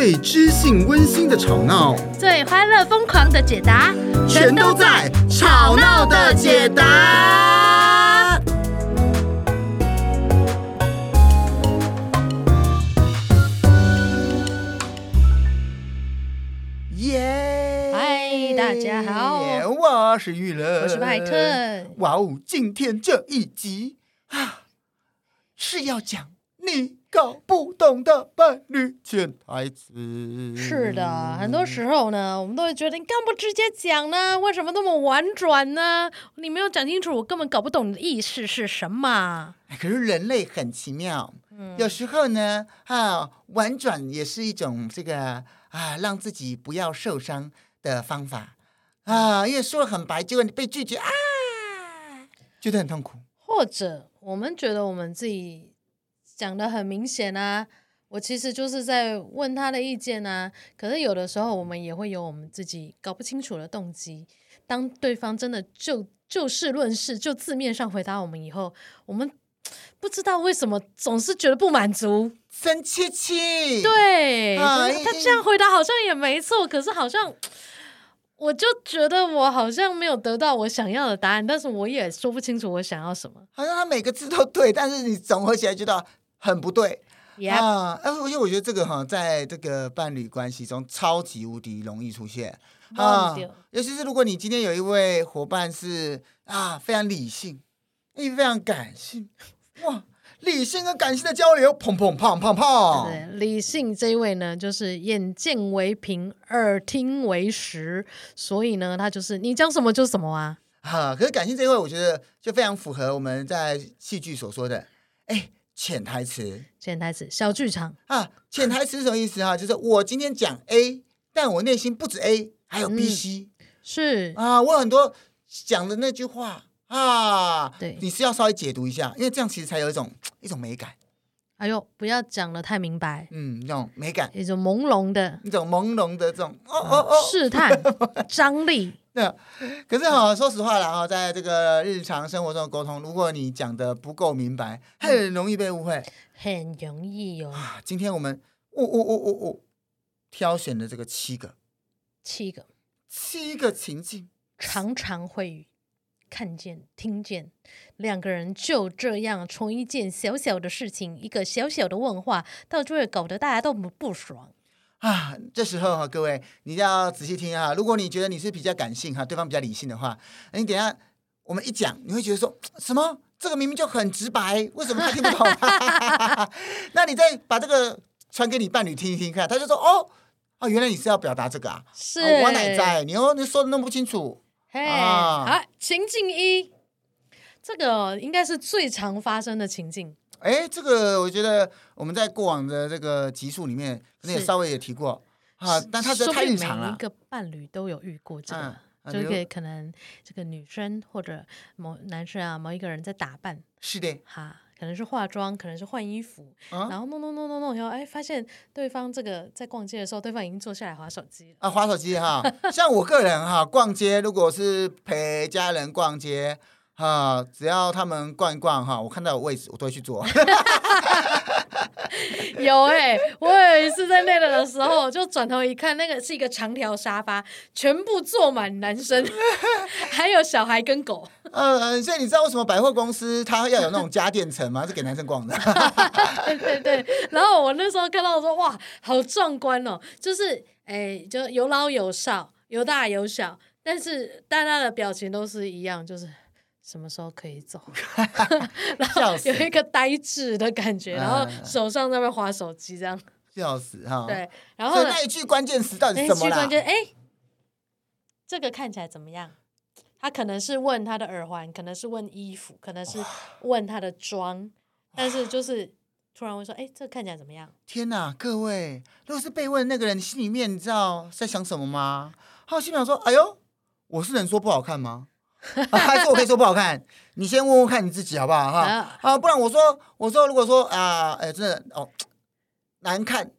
最知性溫馨的吵鬧，最歡樂瘋狂的解答，全都在《吵鬧的解答》解答。耶！嗨，大家好，我是譽仁，我是派特。哇哦，今天這一集啊，是要講你。搞不懂的伴侶潛台詞。是的，很多時候呢，我們都會覺得你幹嘛不直接講呢？為什麼那麼婉轉呢？你沒有講清楚，我根本搞不懂你的意思是什麼。可是人類很奇妙，嗯、有時候呢，啊，婉轉也是一種這個啊，讓自己不要受傷的方法啊，因為說很白，結果你被拒絕啊，覺得很痛苦。或者，我們覺得我們自己。講得很明顯啊，我其實就是在問他的意見啊。可是有的時候我們也會有我們自己搞不清楚的動機。當對方真的就就事論事，就字面上回答我們以後，我們不知道為什麼總是覺得不滿足、生氣氣。對，啊、他這樣回答好像也沒錯，嗯、可是好像我就覺得我好像沒有得到我想要的答案，但是我也說不清楚我想要什麼。好像他每個字都對，但是你綜合起來覺得。很不對啊！而且 Yep.、嗯、我覺得這個哈，在這個伴侶關係中，超級無敵容易出現啊。尤其是如果你今天有一位夥伴是啊，非常理性，非常感性，哇！理性跟感性的交流，砰砰砰砰砰！對，對，理性這一位呢，就是眼見為憑，耳聽為實，所以呢，他就是你講什麼就什麼啊！啊、嗯，可是感性這一位，我覺得就非常符合我們在戲劇所說的，哎。潛台詞，潛台詞，小劇場啊！潛台詞是什麼意思啊？就是我今天講 A，但我內心不止 A，還有 B、C、嗯、是啊，我有很多講的那句話啊，對，你是要稍微解讀一下，因為這樣其實才有一種一種美感。哎呦，不要講的太明白，嗯，那種美感，一種朦朧的，一種朦朧的這種哦哦哦，試探張力。 那可是哈、哦，說實話啦哈、哦，在這個日常生活中的溝通，如果你講的不夠明白，很、嗯、容易被誤會，很容易喲、哦啊。今天我們我我我我我挑選的這個七個，七個，七個情境，常常會看見、聽見兩個人就這樣從一件小小的事情、一個小小的問話，到最後搞得大家都不不爽。啊，這時候哈、啊，各位你要仔細聽哈、啊。如果你覺得你是比較感性哈、啊，對方比較理性的話，你等一下我們一講，你會覺得說什麼？這個明明就很直白，為什麼他聽不懂、啊？ 那你再把這個傳給你伴侶聽一聽看、啊，他就說哦，哦，原來你是要表達這個啊？是，啊、我奶在、欸，你又、哦、你說的那麼不清楚。Hey, 啊，啊情境一，這個應該是最常發生的情境。哎，這個我覺得我們在過往的這個集數裡面，可能是也稍微也提過哈，是但它是太長了。一個伴侶都有遇過這個，嗯、就是可，可能這個女生或者某男生啊，某一個人在打扮，是的哈，可能是化妝，可能是換衣服，嗯、然後弄弄弄弄弄以，然後哎，發現對方這個在逛街的時候，對方已經坐下來滑手機了啊，滑手機哈。 像我個人哈，逛街如果是陪家人逛街。啊，只要他們逛一逛哈，我看到有位置，我都會去坐。 有哎、欸，我有一次在累了的時候，就轉頭一看，那個是一個長條沙發，全部坐滿男生，還有小孩跟狗。嗯嗯，所以你知道為什麼百貨公司它要有那種家電城嗎？是給男生逛的。 對、對對，然後我那時候看到說，哇，好壯觀哦、喔！就是哎、欸，就有老有少，有大有小，但是大家的表情都是一樣，就是。什麼時候可以走？ 然後有一個呆滯的感覺， 笑死然後手上在那滑手機，這樣， 笑死哈。對，然後那一句關鍵詞到底是什麼呢？這個看起來怎麼樣？他可能是問他的耳環，可能是問衣服，可能是問他的妝，哇但是就是突然會說：“哎，這個看起來怎麼樣？”天哪，各位，如果是被問的那個人，你心裡面你知道在想什麼嗎？他心裡想說：“哎呦，我是能說不好看嗎？” 啊、還是我可以說不好看？你先問問看你自己好不好？哈、啊啊、不然我說我說如果說啊，哎、呃欸，真的哦，難看，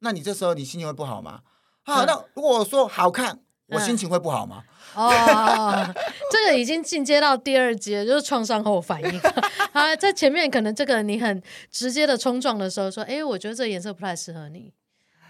那你這時候你心情會不好嗎？啊，嗯、啊那如果我說好看，我心情會不好嗎？嗯、哦，好好好 這個已經進階到第二階，就是創傷後反應。 啊，在前面可能這個你很直接的衝撞的時候說，哎、欸，我覺得這個顏色不太適合你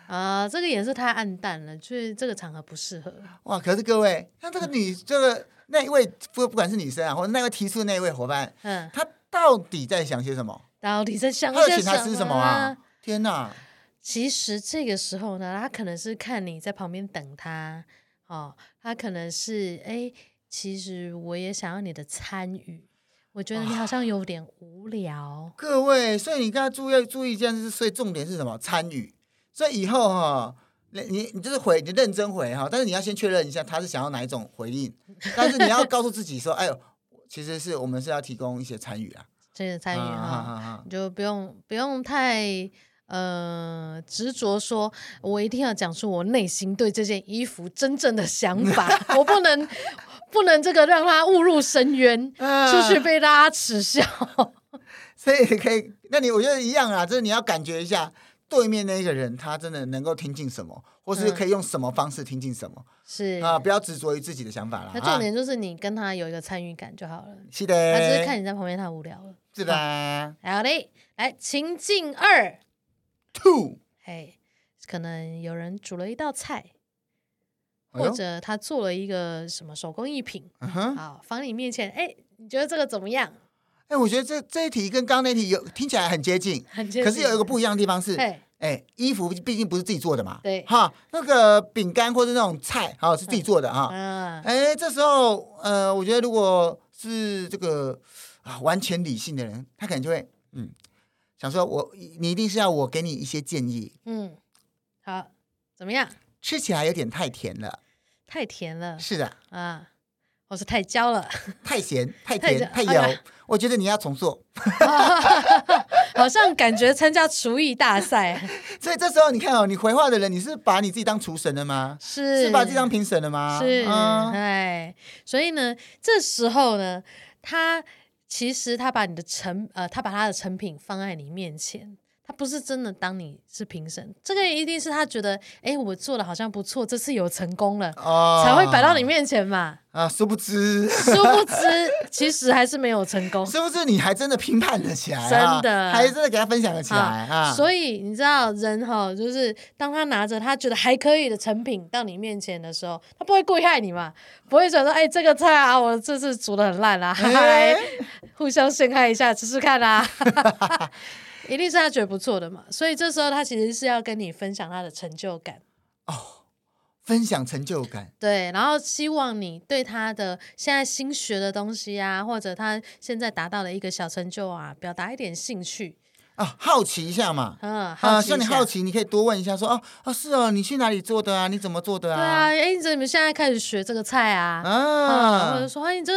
啊，這個顏色太暗淡了，所以這個場合不適合。哇，可是各位，那這個你這個。嗯那一位不不管是女生啊，或者那位提出那一位伙伴，嗯，他到底在想些什麼？到底在想什麼？要請他吃什麼啊？啊天哪、啊！其實這個時候呢，他可能是看你在旁邊等他，哦，他可能是哎、欸，其實我也想要你的參與，我覺得你好像有點無聊。啊、各位，所以你剛剛注意注意一件事，所以重點是什麼？參與。所以以後哈。你你就是回，你認真回哈，但是你要先確認一下他是想要哪一種回應，但是你要告訴自己說， 哎呦，其實是我們是要提供一些參與啊，這些參與啊。哈、啊，你就不用、嗯、不用太執着、呃、說，我一定要講出我內心對這件衣服真正的想法， 我不能不能這個讓他誤入深淵， 出去被大家恥笑， 所以可以，那你我覺得一樣啊，就是你要感覺一下。對面那個人，他真的能夠聽進什麼，或是可以用什麼方式聽進什麼？是、嗯、啊，不要執着於自己的想法啦。那重點就是你跟他有一個參與感就好了。是的，他只是看你在旁邊太無聊了。是的、嗯。好嘞，來情境二，two，哎，可能有人煮了一道菜，或者他做了一個什麼手工藝品，哎、呦好放你面前，哎，你覺得這個怎麼樣？哎，我覺得這這一題跟剛剛那題有聽起來很接近，很接近，可是有一個不一樣的地方是，哎嘿，衣服畢竟不是自己做的嘛，對，哈，那個餅乾或者那種菜好，是自己做的哈，嗯，哎、嗯，這時候呃，我覺得如果是這個啊完全理性的人，他可能就會嗯想說我你一定是要我給你一些建議，嗯，好，怎麼樣？吃起來有點太甜了，太甜了，是的，啊、嗯。我是太焦了，太鹹、太甜、太油，我覺得你要重做，哦。 好像感覺參加廚藝大賽， 所以這時候你看哦，你回話的人，你是，是把你自己當廚神了嗎？是，是把自己當評審了嗎？是，哎、嗯，所以呢，這時候呢，他其實他把你的成呃，他把他的成品放在你面前。他不是真的當你是評審，這個一定是他覺得，哎、欸，我做的好像不錯，這次有成功了，oh, 才會擺到你面前嘛。啊，殊不知，殊不知， 其實還是沒有成功。殊不知，你還真的評判了起來，啊，真的，還真的給他分享了起來，啊、所以你知道，人哈、哦，就是當他拿着他覺得還可以的成品到你面前的時候，他不會故意害你嘛，不會說說，哎、欸，這個菜啊，我這次煮的很爛啦，啊，還、欸、 互相陷害一下，試試看啦，啊。 一定是他覺得不錯的嘛，所以這時候他其實是要跟你分享他的成就感。哦，分享成就感。對，然後希望你對他的現在新學的東西啊，或者他現在達到了一個小成就啊，表達一點興趣。啊，好奇一下嘛，啊，好下啊，像你好奇，你可以多問一下說，說、啊、哦，啊，是哦、啊，你去哪裡做的啊？你怎麼做的啊？對啊，哎、欸，你怎麼現在開始學這個菜啊？啊，啊好好說哎、啊、你這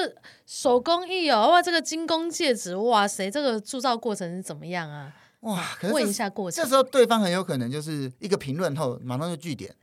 手工藝哦，哇、啊，這個金工戒指，哇塞這個鑄造過程是怎麼樣啊？哇，可是問一下過程。這時候對方很有可能就是一個評論後，馬上就句點，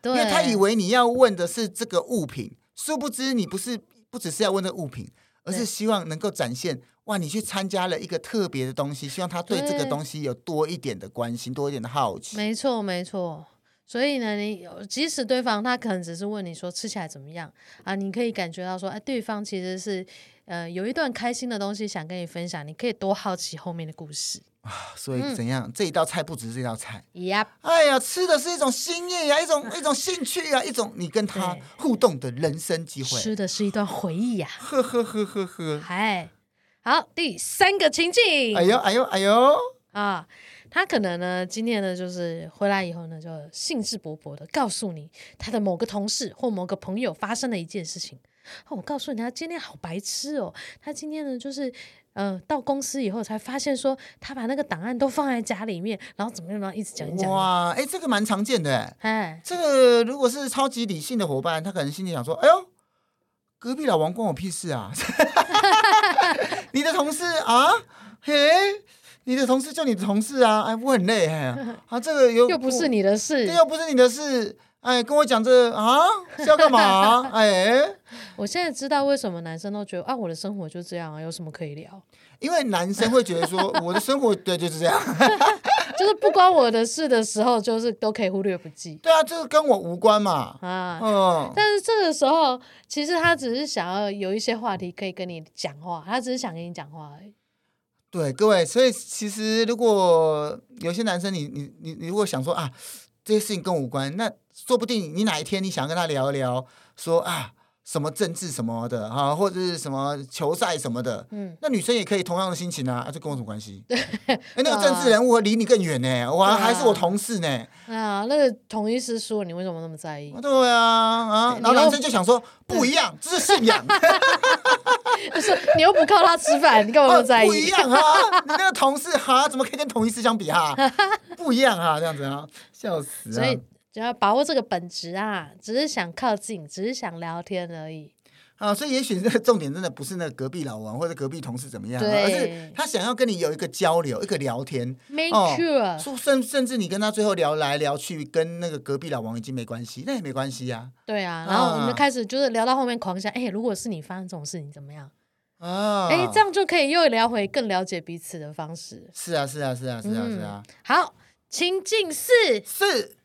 對因為他以為你要問的是這個物品，殊不知你不是不只是要問的物品，而是希望能夠展現。你去參加了一個特別的東西，希望他對這個東西有多一點的關心，對多一點的好奇。沒錯，沒錯。所以呢，你即使對方他可能只是問你說吃起來怎麼樣啊，你可以感覺到說，哎、啊，對方其實是呃有一段開心的東西想跟你分享，你可以多好奇後面的故事啊。所以怎樣，嗯、這一道菜不只是這道菜，呀，Yep. 哎呀，吃的是一種心意呀、啊，一種一種興趣呀、啊，一種你跟他互動的人生機會。吃的是一段回憶呀、啊，呵呵呵呵呵，好，第三個情境，哎呦，哎呦，哎呦，啊，他可能呢，今天呢，就是回來以後呢，就興致勃勃的告訴你他的某個同事或某個朋友發生了一件事情。哦，我告訴你，他今天好白痴哦，他今天呢，就是呃，到公司以後才發現說，他把那個檔案都放在家裡面，然後怎麼樣呢？一直講一講。哇，哎、欸，這個蠻常見的，哎嘿，這個如果是超級理性的夥伴，他可能心裡想說，哎呦。隔壁老王關我屁事啊！ 你的同事啊，嘿，你的同事就你的同事啊，哎，我很累，嘿啊，這個又又不是你的事，這又不是你的事。哎，跟我講這個，啊是要幹嘛，啊？哎，我現在知道為什麼男生都覺得啊，我的生活就這樣，啊。有什麼可以聊？因為男生會覺得說，我的生活 對就是這樣， 就是不關我的事的時候，就是都可以忽略不計。對啊，就是跟我無關嘛。啊，嗯。但是這個時候，其實他只是想要有一些話題可以跟你講話，他只是想跟你講話而已。對，各位，所以其實如果有些男生你，你你你如果想說啊。這些事情跟我無關，那說不定你哪一天你想跟他聊一聊，說啊，什麼政治什麼的哈、啊，或者是什麼球賽什麼的，嗯，那女生也可以同樣的心情啊，這、啊、跟我什麼關係？哎對、欸，那個政治人物離你更遠呢、欸，我、啊、還是我同事呢、欸。啊，那個統一獅說你為什麼那麼在意？對啊，啊，然後男生就想說又不一樣，這是信仰。不是，你又不靠他吃飯，你幹嘛那麼在意、啊？不一樣啊，你那個同事哈，怎麼可以跟統一獅相比哈？ 不一樣啊，這樣子啊，笑死啊。所以只要把握這個本質啊！只是想靠近，只是想聊天而已。啊，所以也許這個重點真的不是那個隔壁老王或者隔壁同事怎麼樣，對而是他想要跟你有一個交流，一個聊天。Main 哦，sure. 說，甚甚至你跟他最後聊來聊去，跟那個隔壁老王已經沒關係，那也沒關係呀，啊。對啊，然後我們就開始就是聊到後面狂想，哎，啊欸，如果是你發生這種事情你怎麼樣？啊，哎，欸，這樣就可以又聊回更了解彼此的方式。是啊，是啊，是啊，是啊，是啊，嗯。好，情境四四。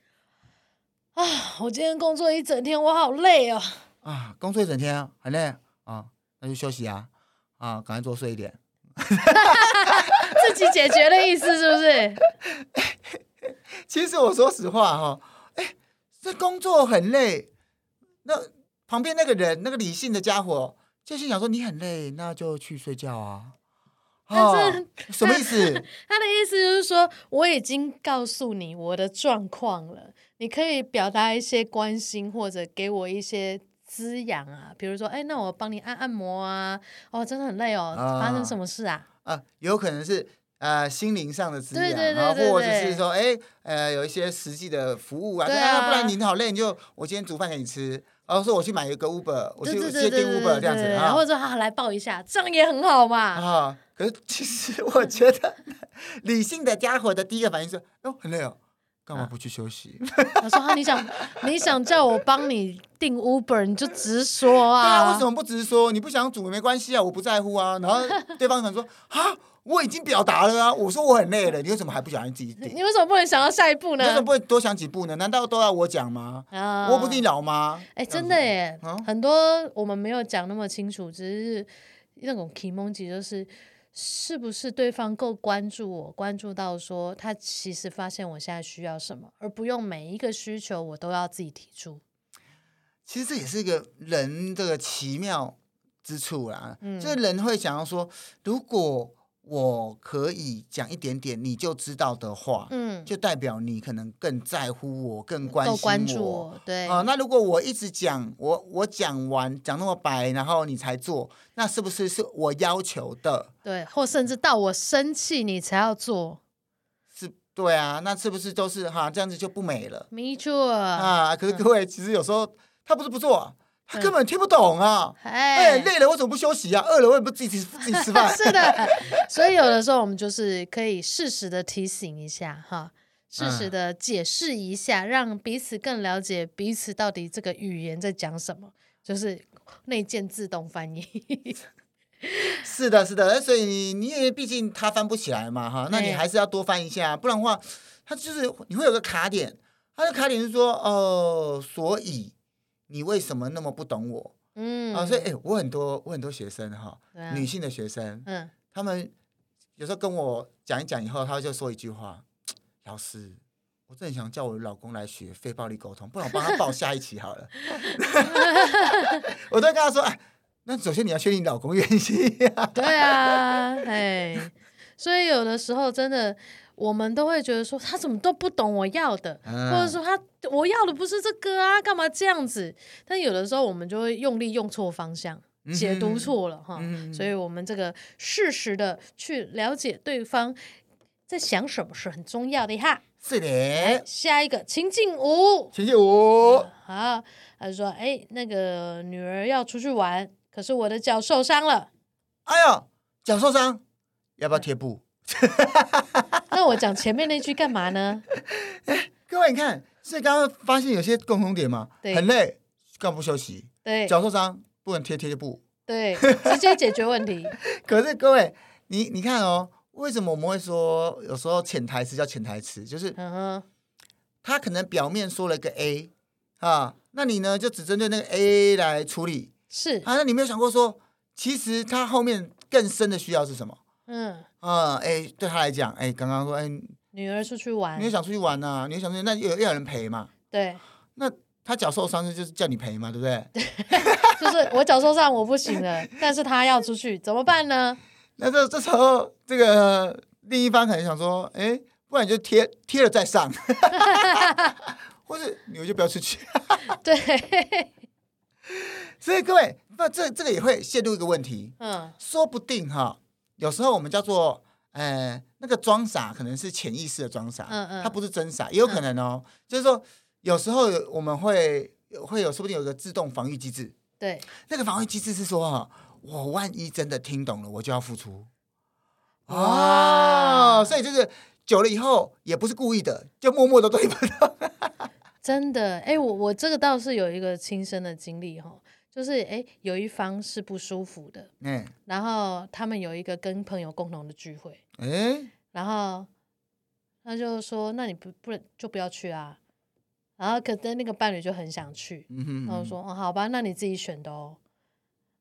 啊、哦，我今天工作一整天，我好累哦。啊，工作一整天、啊、很累啊，啊，那就休息啊，啊，趕快多睡一點。 自己解決的意思是不是？其實我說實話哈、哦，哎，這工作很累。那旁邊那個人，那個理性的家伙，就是想說你很累，那就去睡覺啊。哦、但是，什麼意思？他的意思就是說，我已經告訴你我的狀況了。你可以表達一些關心，或者給我一些滋養啊，比如說，哎、欸，那我幫你按按摩啊，哦，真的很累哦，發生什麼事啊？啊、哦呃，有可能是呃心靈上的滋養，對對對，對對對，或者是說，哎、欸，呃，有一些實際的服務啊，對啊，不然你好累，你就我今天煮飯給你吃，然後說我去買一個 Uber，我去借訂 Uber 這樣子啊，哦、或者說啊來抱一下，這樣也很好嘛啊、哦。可是其實我覺得 理性的家伙的第一個反應是，哦很累哦。幹嘛不去休息？啊、他說啊，你想 你想叫我幫你訂 Uber，你就直說啊。對啊，為什麼不直說？你不想煮也沒關係啊，我不在乎啊。然後對方想說，哈、啊，我已經表達了啊，我說我很累了，你為什麼還不想要你自己訂？你為什麼不能想到下一步呢？為什麼不會多想幾步呢？難道都要我講嗎？啊，我不定老嗎？哎、欸，真的耶，啊、很多我們沒有講那麼清楚，只是那種奇檬子就是、就。是是不是對方夠關注我，關注到說他其實發現我現在需要什麼，而不用每一個需求我都要自己提出？其實這也是一個人的奇妙之處啦。嗯，這人會想要說，如果。我可以講一點點，你就知道的話，嗯，就代表你可能更在乎我，更關心我，關注我對。哦、呃，那如果我一直講，我我講完講那麼白，然後你才做，那是不是是我要求的？對，或甚至到我生氣你才要做，是，對啊，那是不是都、就是哈、啊、這樣子就不美了？沒錯啊，可是各位，嗯、其實有時候他不是不做。他根本聽不懂啊！嗯、哎，哎，累了我怎麼不休息啊？餓了我也不自己自己吃飯。 是的，所以有的時候我們就是可以適時的提醒一下哈，適時的解釋一下，嗯、讓彼此更了解彼此到底這個語言在講什麼。就是內建自動翻譯， 是的，是的。所以你，你因為畢竟他翻不起來嘛哈，那你還是要多翻一下，哎、不然的話他就是你會有個卡點，他的卡點是說哦、呃，所以。你為什麼那麼不懂我？嗯、啊，所以誒、欸，我很多我很多學生哈，啊、女性的學生，嗯，他們有時候跟我講一講以後，他就說一句話：“嗯嗯、老師，我真想叫我老公來學非暴力溝通，不然我幫他報下一期好了。” 我都跟他說：“哎，那首先你要確定你老公願意、啊。 ”對啊，哎，所以有的時候真的。我們都會覺得說，他怎麼都不懂我要的，啊、或者說他我要的不是這個啊，幹嘛這樣子？但有的時候我們就會用力用錯方向，嗯、哼解讀錯了，嗯、哼哈。嗯、哼所以我們這個適時的去了解對方在想什麼是很重要的哈。是的，下一個情境五，情境五，好，他就說哎，那個女兒要出去玩，可是我的腳受傷了。哎呦，腳受傷，要不要貼布？ 那我講前面那句幹嘛呢？欸、各位，你看，所以剛剛發現有些共同點嘛，對很累，幹嘛不休息？對，腳受傷不能貼貼布，對，直接解決問題。 可是各位，你你看哦，為什麼我們會說有時候潛台詞叫潛台詞？就是，他、uh huh. 可能表面說了一個 A 啊，那你呢就只針對那個 A 來處理，是。啊，那你沒有想過說，其實他後面更深的需要是什麼？嗯、uh。Huh. 呃，哎、嗯，對他來講，哎，剛剛說，哎，女兒出去玩，你也想出去玩啊？你也想出去，那又要有人陪嘛？對，那他腳受傷，就是叫你陪嘛，對不對，對？就是我腳受傷，我不行了， 但是他要出去，怎麼辦呢？那這這時候，這個另一方可能想說，哎，不然你就貼貼了再上， 或者你就不要出去。 對，所以各位，那這這個也會陷入一個問題，嗯，說不定哈。有時候我們叫做，呃，那個裝傻可能是潛意識的裝傻，嗯嗯，它不是真傻，也有可能哦。嗯、就是說，有時候我們會會有說不定有個自動防禦機制，對，那個防禦機制是說，哈，我萬一真的聽懂了，我就要付出。哦，哇所以就是久了以後也不是故意的，就默默的對不咯？ 真的，哎、欸，我我這個倒是有一個親身的經歷哦。就是哎、欸，有一方是不舒服的，嗯、欸，然後他們有一個跟朋友共同的聚會，嗯、欸,然後他就說：“那你不不能就不要去啊。”然後可是那個伴侶就很想去，嗯，嗯然後說：“哦，好吧，那你自己選的哦。”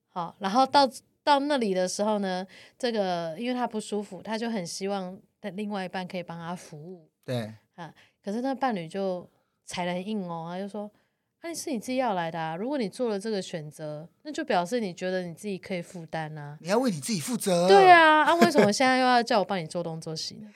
好，然後到到那裡的時候呢，這個因為他不舒服，他就很希望他另外一半可以幫他服務，對，啊，可是那伴侶就踩得很硬哦，他就說。那是你自己要來的啊！如果你做了這個選擇，那就表示你覺得你自己可以負擔啊！你要為你自己負責、啊。對啊，那、啊、為什麼現在又要叫我幫你做東做西呢？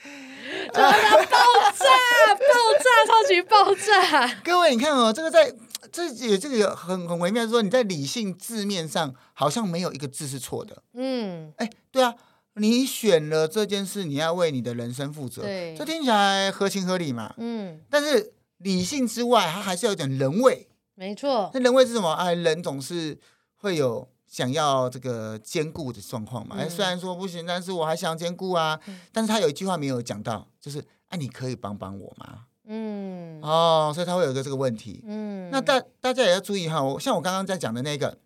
爆炸！爆炸！超級爆炸！各位，你看哦，這個在這也這個很很微妙，是說你在理性字面上好像沒有一個字是錯的。嗯，哎、欸，對啊，你選了這件事，你要為你的人生負責。對，這聽起來合情合理嘛？嗯，但是理性之外，它還是要有點人味。沒錯，那人為是什麼？哎、啊，人總是會有想要這個兼顧的狀況嘛。哎、嗯，雖然說不行，但是我還想兼顧啊。嗯、但是他有一句話沒有講到，就是哎、啊，你可以幫幫我嗎？嗯，哦，所以他會有一個這個問題。嗯，那大大家也要注意哈我，像我剛剛在講的那個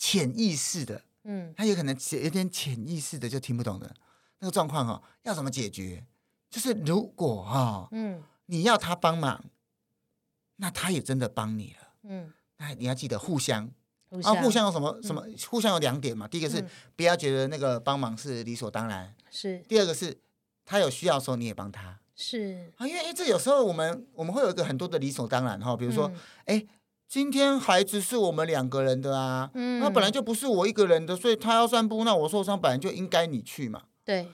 潛意識的，嗯，他有可能有有點潛意識的就聽不懂的那個狀況哈，要怎麼解決？就是如果哈，嗯，你要他幫忙，那他也真的幫你了，嗯，那你要記得互相，互相啊，互相有什麼、嗯、什麼，互相有兩點嘛。第一個是不要、嗯、覺得那個幫忙是理所當然，是、嗯。第二個是他有需要的時候你也幫他，是啊，因為、欸、這有時候我們我們會有一個很多的理所當然哈，比如說，哎、嗯欸，今天孩子是我們兩個人的啊，那、嗯啊、本來就不是我一個人的，所以他要散步，那我受傷本來就應該你去嘛，對。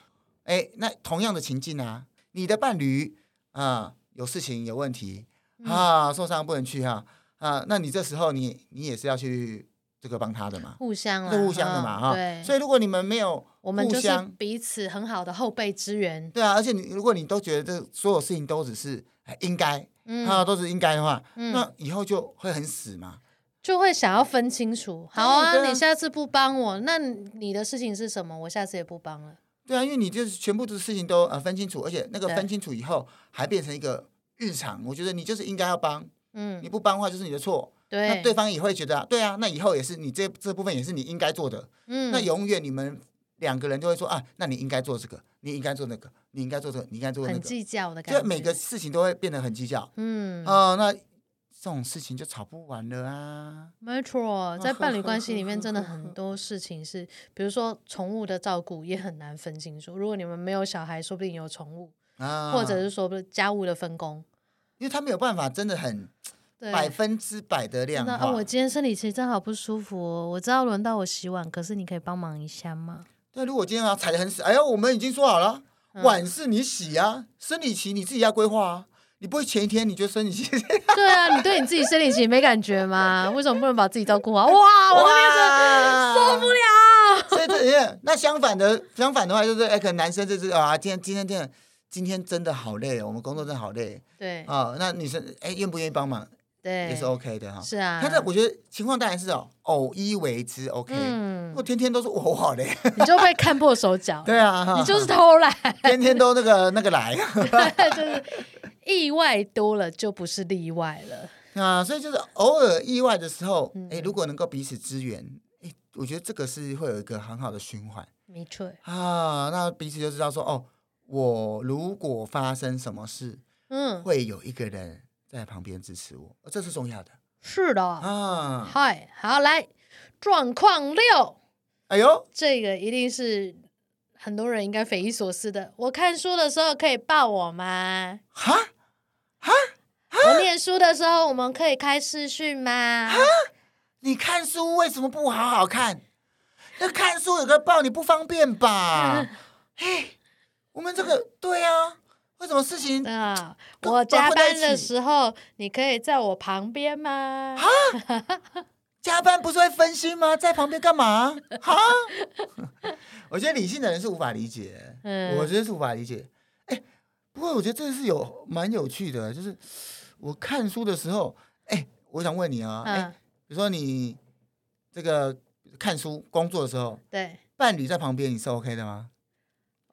哎、欸，那同樣的情境啊，你的伴侶啊、嗯，有事情有問題。啊，受傷不能去哈啊，啊，那你這時候你你也是要去這個幫他的嘛？互相啊，互相的嘛哈、哦。對、哦。所以如果你們沒有互相，我們就是彼此很好的後備資源。對啊，而且你如果你都覺得這所有事情都只是應該，嗯、啊，都是應該的話，嗯、那以後就會很死嘛。就會想要分清楚。好啊，啊你下次不幫我，那你的事情是什麼？我下次也不幫了。對啊，因為你就是全部的事情都呃分清楚，而且那個分清楚以後對還變成一個。日常，我覺得你就是應該要幫，嗯，你不幫的話就是你的錯。對，那對方也會覺得、啊，對啊，那以後也是你這這部分也是你應該做的，嗯，那永遠你們兩個人就會說啊，那你應該做這個，你應該做那個，你應該做這個，你應該做那個，很計較的感覺，就每個事情都會變得很計較，嗯，哦、呃，那這種事情就吵不完了啊。沒錯，在伴侶關係裡面，真的很多事情是， 比如說寵物的照顧也很難分清楚。如果你們沒有小孩，說不定有寵物。啊、或者是說家務的分工，因為他沒有辦法，真的很百分之百的量化那、啊、我今天生理期正好不舒服、哦，我知道輪到我洗碗，可是你可以幫忙一下嗎？那如果今天啊，踩得很死，哎呦，我們已經說好了、啊，嗯、碗是你洗啊，生理期你自己要規劃啊，你不會前一天你覺得生理期？對啊，你對你自己生理期沒感覺嗎？ 為什麼不能把自己照顧好？哇，我這邊受不了、啊。所以這那相反的，相反的話就是，哎、欸，可能男生就是啊，今天今天這樣。今天真的好累哦，我們工作真的好累。對啊，那女生哎、欸，願不願意幫忙？對，也是 OK 的哈。是啊，但是我覺得情況當然是哦，偶一為之 OK。嗯，我天天都說我好累， 你就會看破手腳。對啊，啊你就是偷懶，天天都那個那個來 對，就是意外多了就不是例外了啊。所以就是偶爾意外的時候，哎、欸，如果能夠彼此支援，哎、欸，我覺得這個是會有一個很好的循環。沒錯。啊，那彼此就知道說哦。我如果發生什麼事，嗯，會有一個人在旁邊支持我，這是重要的。是的，嗯，嗨、啊，Hi, 好，來，狀況六，哎呦，這個一定是很多人應該匪夷所思的。我看書的時候可以抱我嗎？哈，哈，我念書的時候我們可以開視訊嗎？哈，你看書為什麼不好好看？那看書有個抱你不方便吧？嗯、嘿。我們這個對呀、啊，為什麼事情啊？嗯、跟我加班的時候，你可以在我旁邊嗎？哈？加班不是會分心嗎？在旁邊幹嘛？哈， 我覺得理性的人是無法理解，嗯，我覺得是無法理解。哎，不過我覺得這是有蠻有趣的，就是我看書的時候，哎，我想問你啊，哎、嗯，比如說你這個看書工作的時候，對，伴侶在旁邊，你是 OK 的嗎？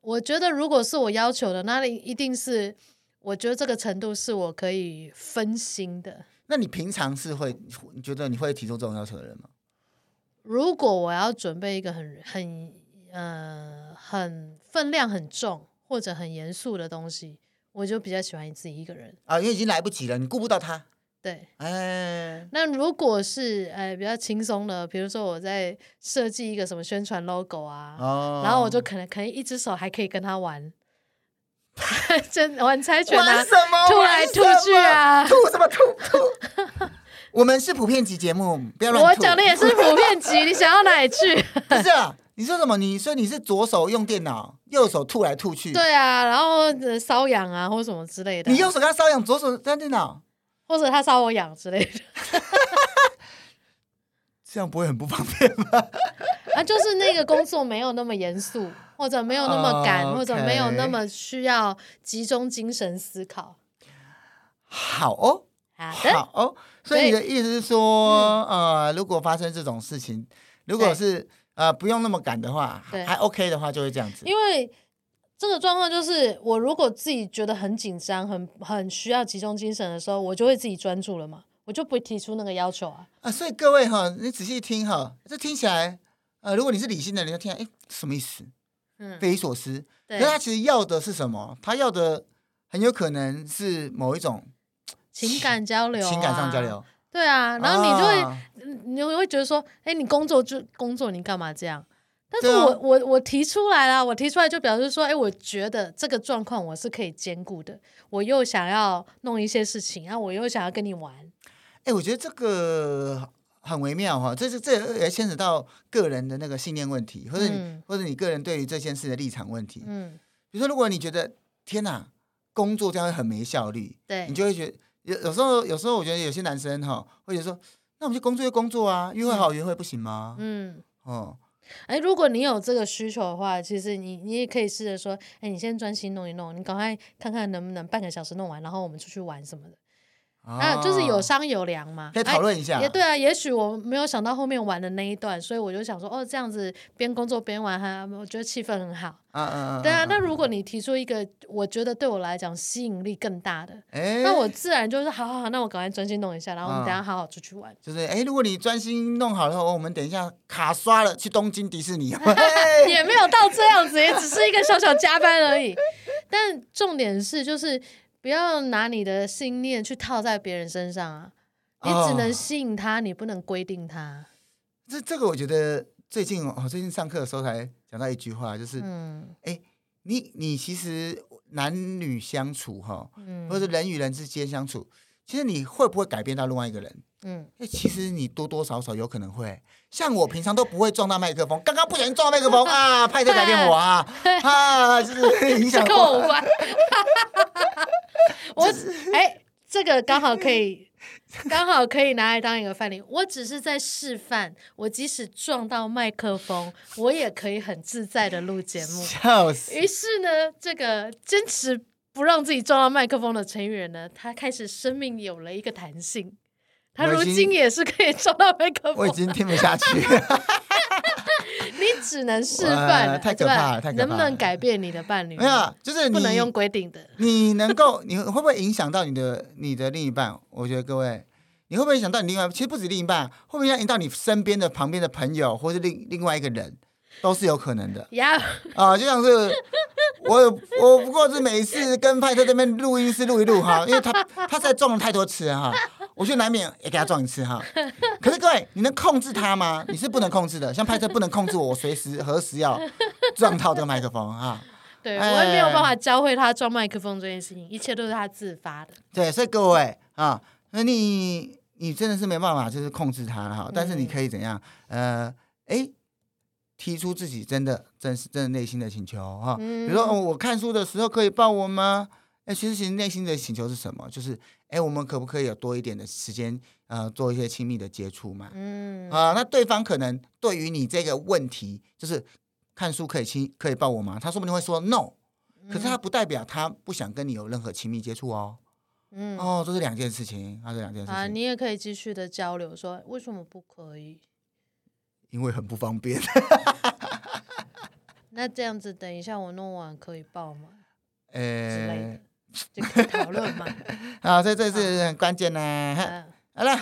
我覺得，如果是我要求的，那一定是我覺得這個程度是我可以分心的。那你平常是會覺得你會提出這種要求的人嗎？如果我要準備一個很很呃、很分量很重或者很嚴肅的東西，我就比較喜歡你自己一個人啊，因為已經來不及了，你顧不到他。對，哎，哎，哎，哎，那如果是，哎、比較輕鬆的，比如說我在設計一個什麼宣傳 logo 啊，哦、然後我就可能可能一隻手還可以跟他玩，真 玩猜拳啊，什麼什麼吐來吐去啊，吐什麼吐？吐 我們是普遍級節目，不要亂。我講的也是普遍級， 你想要哪裡去？不 是啊，你說什麼？你說你是左手用電腦，右手吐來吐去？對啊，然後瘙癢啊，或什麼之類的。你右手幹瘙癢，左手在電腦。或者他燒我癢之類的， 這樣不會很不方便嗎？ 啊，就是那個工作沒有那麼嚴肅，或者沒有那麼趕，uh, okay. 或者沒有那麼需要集中精神思考。好哦，好的好哦。所以你的意思是說，對呃，如果發生這種事情，如果是對呃不用那麼趕的話，對還 OK 的話，就會這樣子。因為。這個狀況就是，我如果自己覺得很緊張、很很需要集中精神的時候，我就會自己專注了嘛，我就不會提出那個要求啊。啊，所以各位哈，你仔細聽哈，這聽起來，呃，如果你是理性的人，嗯、就聽，哎，什麼意思？嗯，匪夷所思。那對他其實要的是什麼？他要的很有可能是某一種情、情感交流、啊、情感上交流。對啊，然後你就會，啊、你會覺得說，哎，你工作就工作，你幹嘛這樣？但是我、哦、我我提出來了，我提出來就表示說，哎，我覺得這個狀況我是可以兼顧的，我又想要弄一些事情，然、啊、後我又想要跟你玩。哎，我覺得這個很微妙哈、哦，這是這也牽扯到個人的那個信念問題，或者你、嗯、或者你個人對於這件事的立場問題。嗯，比如說，如果你覺得天哪，工作這樣會很沒效率，對，你就會覺得有有時候有時候我覺得有些男生哈、哦，會覺得說那我們去工作就工作啊，約會好約會不行嗎？嗯，嗯哦。哎，如果你有這個需求的話，其實你你也可以試着說，哎，你先專心弄一弄，你趕快看看能不能半個小時弄完，然後我們出去玩什麼的。啊，就是有商有量嘛，哦，可以討論一下。也、欸、對啊，也許我沒有想到後面玩的那一段，所以我就想說，哦，這樣子邊工作邊玩，哈，我覺得氣氛很好。啊啊啊！對啊，啊那如果你提出一個我覺得對我來講吸引力更大的，欸、那我自然就是好好好，那我趕快專心弄一下，然後我們等下好好出去玩。嗯、就是，哎、欸，如果你專心弄好了，我們等一下卡刷了去東京迪士尼。 也沒有到這樣子，也只是一個小小加班而已。 但重點是，就是。不要拿你的信念去套在別人身上啊！你只能吸引他，哦、你不能規定他。這這個，我覺得最近哦，最近上課的時候才講到一句話，就是，嗯，哎，你你其實男女相處哈、哦，嗯，或者人與人之間相處，其實你會不會改變到另外一個人？嗯，其實你多多少少有可能會。像我平常都不會撞到麥克風，剛剛不小心撞到麥克風啊，派特改變我啊，啊，就是影響夠壞。我哎、就是，這個剛好可以，剛好可以拿來當一個範例。我只是在示範，我即使撞到麥克風，我也可以很自在的錄節目。笑死！於是呢，這個堅持不讓自己撞到麥克風的成員呢，他開始生命有了一個彈性。他如今也是可以撞到麥克風的我。我已經聽不下去。 只能示範、呃，太可怕了，太可、啊、能不能改變你的伴侶？沒有，就是你不能用規定的。你能夠， 你會不會影響到你的你的另一半？我覺得各位，你會不會影響到你另外？其實不止另一半，會不會影響到你身邊的、旁邊的朋友，或是另另外一個人，都是有可能的。啊 Yeah.、呃，就像是。 我我不過是每次跟派特這邊錄音室錄一錄哈，因為他他實在撞了太多次哈，我就難免也給他撞一次哈。可是各位，你能控制他嗎？你是不能控制的，像派特不能控制我，我隨時何時要撞到這個麥克風啊？對，哎、我也沒有辦法教會他撞麥克風這件事情，一切都是他自發的。對，所以各位啊，那你你真的是沒辦法就是控制他了哈，但是你可以怎樣？呃，哎。提出自己真的、真實、真的內心的請求哈，比如說，哦，我看書的時候可以抱我嗎？哎，其實其實內心的請求是什麼？就是哎，我們可不可以有多一點的時間，呃，做一些親密的接觸嘛？嗯啊，那對方可能對於你這個問題，就是看書可以親可以抱我嗎？他說不定會說 no，可是他不代表他不想跟你有任何親密接觸哦。嗯哦，這是兩件事情，啊。這兩件事情啊。你也可以繼續的交流，說為什麼不可以？因為很不方便 。那這樣子，等一下我弄完可以抱嗎？之類的，就可以討論嘛。 好，所以這是很關鍵呢。啊、好了，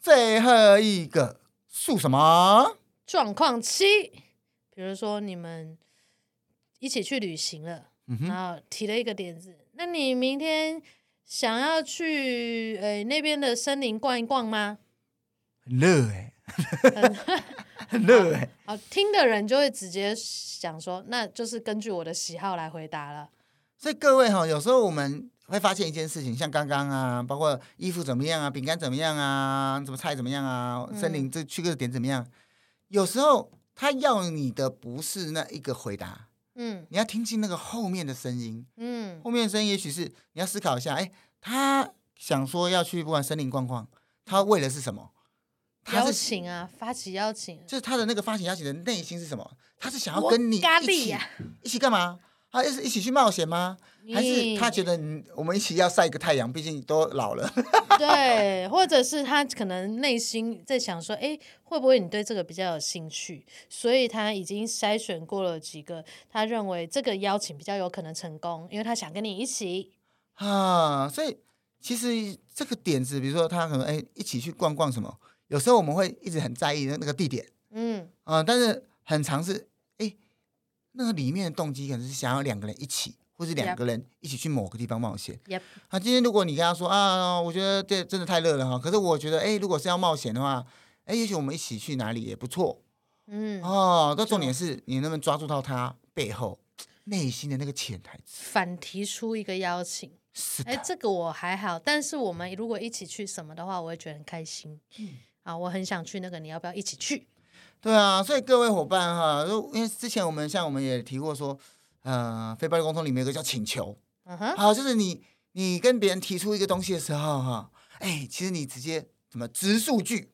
最後一個數什麼狀況七？比如說，你們一起去旅行了，然後提了一個點子，嗯、哼 那你明天想要去呃、欸，那邊的森林逛一逛嗎？很熱哎。 很熱耶 好,好聽的人就會直接想說，那就是根據我的喜好來回答了。所以各位哈，有時候我們會發現一件事情，像剛剛啊，包括衣服怎麼樣啊，餅乾怎麼樣啊，什麼菜怎麼樣啊，森林這去個點怎麼樣？嗯、有時候他要你的不是那一個回答，嗯，你要聽清那個後面的聲音，嗯，後面的聲音也許是你要思考一下，哎、欸，他想說要去不管森林逛逛，他為的是什麼？邀請啊，發起邀請，就是他的那個發起邀請的內心是什麼？他是想要跟你一起咖喱、啊、一起幹嘛？他、啊、是一起去冒險嗎？你還是他覺得我們一起要曬一個太陽，畢竟都老了。 對，或者是他可能內心在想說，哎，會不會你對這個比較有興趣？所以他已經篩選過了幾個，他認為這個邀請比較有可能成功，因為他想跟你一起啊。所以其實這個點子，比如說他可能哎一起去逛逛什麼。有時候我們會一直很在意那個地點，嗯啊、呃，但是很常是，哎、欸，那個裡面的動機可能是想要兩個人一起，或是兩個人一起去某個地方冒險。Yep. 啊，今天如果你跟他說啊，我覺得這真的太熱了哈，可是我覺得，哎、欸，如果是要冒險的話，哎、欸，也許我們一起去哪裡也不錯。嗯哦，那重點是你能不能抓住到他背後內心的那個潛台詞，反提出一個邀請。哎的、欸，這個我還好，但是我們如果一起去什麼的話，我會覺得很開心。嗯。啊，我很想去那個，你要不要一起去？對啊，所以各位夥伴哈，因為之前我們像我們也提過說，呃，非暴力溝通裡面有個叫請求，嗯哼、uh，好、huh. 啊，就是你你跟別人提出一個東西的時候哈，哎、欸，其實你直接什麼直述句、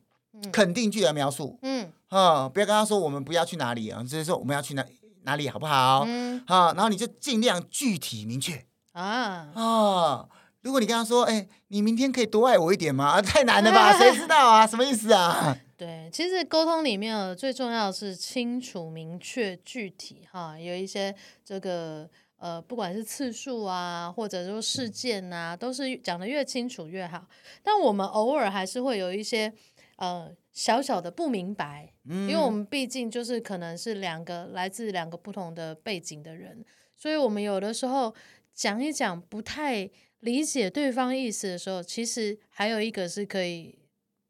肯定句來描述，嗯，啊，不要跟他說我們不要去哪裡啊，直接說我們要去哪哪裡好不好？嗯、uh，好、huh. 啊，然後你就盡量具體明確、uh huh. 啊哦如果你跟他說：“哎，你明天可以多愛我一點嗎？”太難了吧？啊，誰知道啊？什麼意思啊？對，其實溝通裡面最重要的是清楚、明確、具體。哈，有一些這個呃，不管是次數啊，或者說事件啊，都是講得越清楚越好。但我們偶爾還是會有一些呃小小的不明白，嗯，因為我們畢竟就是可能是兩個來自兩個不同的背景的人，所以我們有的時候講一講不太理解對方意思的時候，其實還有一個是可以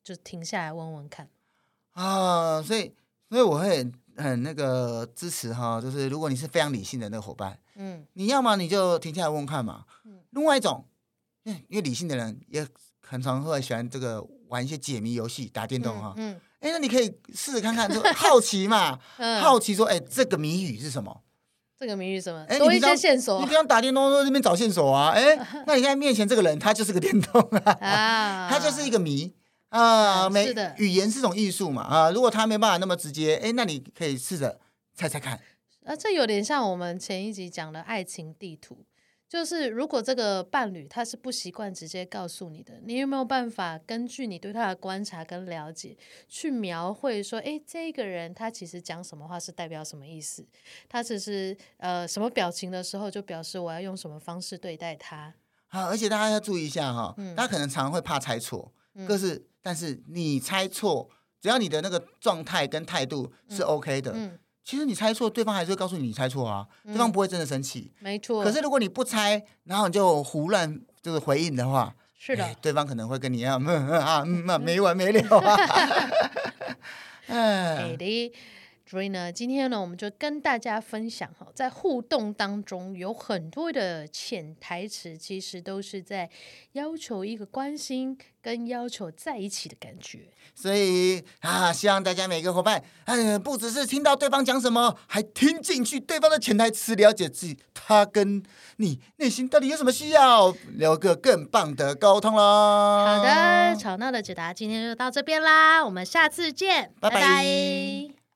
就停下來問問看啊，所以所以我會很很那個支持哈，就是如果你是非常理性的那個夥伴，嗯，你要麼你就停下來問問看嘛，嗯，另外一種，因為越理性的人也很常會喜歡這個玩一些解謎遊戲、打電動哈，嗯，哎、嗯，欸，那你可以試試看看，就好奇嘛， 嗯、好奇說，哎、欸，這個謎語是什麼？這個謎語什麼？誒多一些線索，你不要打電動說這邊找線索啊！哎，那你看面前這個人，他就是個電動啊， 他就是一個謎啊。呃、是的，沒，語言是種藝術嘛啊、呃！如果他沒辦法那麼直接，哎，那你可以試着猜猜看。啊，這有點像我們前一集講的愛情地圖。就是如果這個伴侶他是不習慣直接告訴你的，你有沒有辦法根據你對他的觀察跟了解，去描繪說，哎，這個人他其實講什麼話是代表什麼意思？他只是呃什麼表情的時候，就表示我要用什麼方式對待他。好，而且大家要注意一下哈，大家可能常會怕猜錯，嗯，可是但是你猜錯，只要你的那個狀態跟態度是 OK 的。嗯嗯其實你猜錯，對方還是會告訴你你猜錯啊，嗯、對方不會真的生氣。沒錯。可是如果你不猜，然後你就胡亂就是回應的話，是的、哎，對方可能會跟你一樣、嗯嗯嗯、沒完沒了啊。所以呢，今天呢，我們就跟大家分享哈，在互動當中有很多的潛台詞，其實都是在要求一個關心跟要求在一起的感覺。所以啊，希望大家每個夥伴、嗯，不只是聽到對方講什麼，還聽進去對方的潛台詞，了解自己他跟你內心到底有什麼需要，留個更棒的溝通啦。好的，吵鬧的解答今天就到這邊啦，我們下次見，拜拜 bye。Bye bye